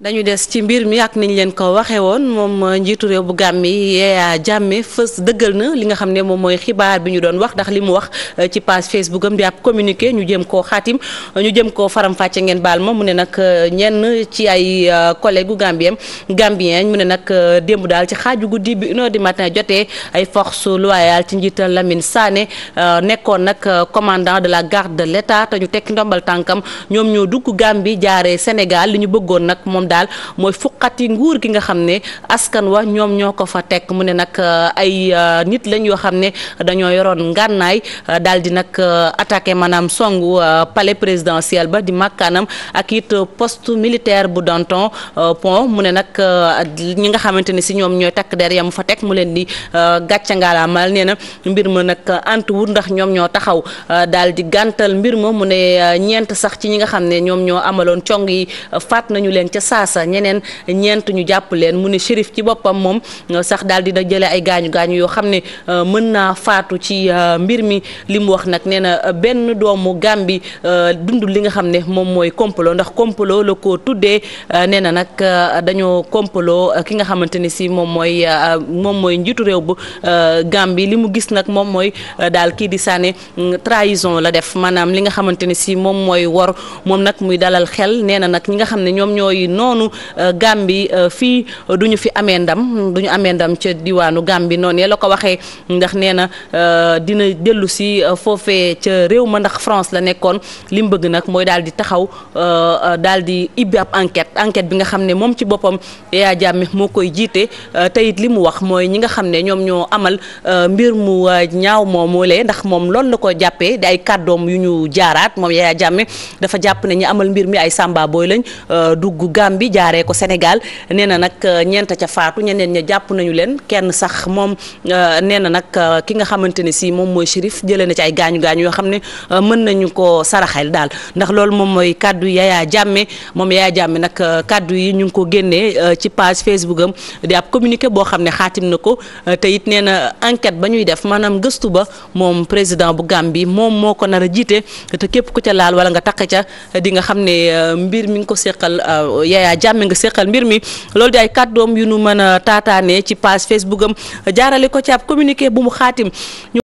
dañu des ci mbir mi ak niñ leen ko waxee woon moom njiitu réew bu Gàmbi Yaya jàmme fës dëggal na li nga xam ne moom mooy xibaar bi ñu doon wax ndax li mu wax euh, ci page Facebook am di ab communiqué ñu jëm ko xaatim ñu jëm koo faram-fàcce ngeen baal ma mu ne nag euh, ñenn ci ay euh, collègue gambien gambien mu ne nag démb daal ci xaaju guddi bi une di du matin jotee ay force loyale ci njiital Lamine Sané nekkoon nag commandant de la garde de l'État te ñu tekki ndombal tànkam ñoom ñoo dugg Gàmbi jaaree Sénégal li ñu daal mooy fuqati nguur gi nga xam ne askan wa ñoom ñoo ko fa teg mu ne nag euh, ay euh, nit lañ yoo xam ne dañoo yoroon ngànnaay euh, daal di nag attaqué maanaam songu pale présidentiel ba di màkkaanam ak it poste militaire bu Danton pont mu ne nag ñi nga xamante ni si ñoom ñooy takk der ya mu fa teg mu leen di gàcce ngalaamaal nee na mbir ma nag antuwut ndax ñoom ñoo taxaw daal di gàntal mbir ma mu ne ñeent sax ci ñi nga xam ne ñoom ñoo amaloon cong yi faat nañu leen ca saasa ñeneen ñeent ñu jàpp leen mu ne shérif ci boppam moom euh, sax daal da jële ay gaañu gaañu yoo xam ne euh, mën naa faatu ci euh, mbir mi li mu wax nag nee na benn doomu Gàmbi dundul li nga xam ne moom mooy complot ndax complot la ko tuddee nee na nag dañoo complot ki nga xamante ni si moom mooy moom mooy njiitu réew bu Gàmbi li mu gis nag moom mooy daal kii di Sané mm, trahison la def maanaam li nga xamante si moom mooy wor moom nag muy dalal xel nee na ñi nga xam ne ñoom ñooy noonu euh, Gàmbi euh, fii du ñu fi amee ndam du ñu amee ndam ca diwaanu Gàmbi noonu la ko waxee ndax nee na euh, dina dellu si foofee ca réew ma ndax France la nekkoon li mu bëgg nag mooy daal di taxaw daal di ibbi ab enquête enquête bi nga xam ne moom ci boppam Yaya Jammeh moo koy jiite teyit li mu wax mooy ñi nga xam ne ñoom ñoo amal mbir mu ñaaw moomu lee ndax moom loolu la ko jàppee di ay kàddoom yu ñu jaaraat moom Yaya Jammeh dafa jàpp ne ñi amal mbir mi ay sàmba Gambie jaaree ko Sénégal nee na nag euh, ñeent ca faatu ñeneen ña jàpp nañu leen kenn sax moom euh, nee na nag euh, ki nga xamante ne si moom mooy Chérif jëlee na ci ay gaañu gaañu yoo xam ne mën nañu ko saraxel daal ndax loolu moom mooy kàddu Yaya Jammeh moom Yaya Jammeh nag kàddu yi ñu ngi ko génnee ci page Facebook am di ab communiqué boo xam ne xaatim na ko te it nee na enquête ba ñuy def maanaam gëstu ba moom président bu Gambie moom moo ko nar a jiite te képp wala nga takk ca di nga ne mbir mi ko seqal Yaya Jammeh nga seqal mbir mi loolu di ay kàddoom yu nu mën a taataanee ci page Facebook am jaarale ko ci ab communiqué bu mu xaatim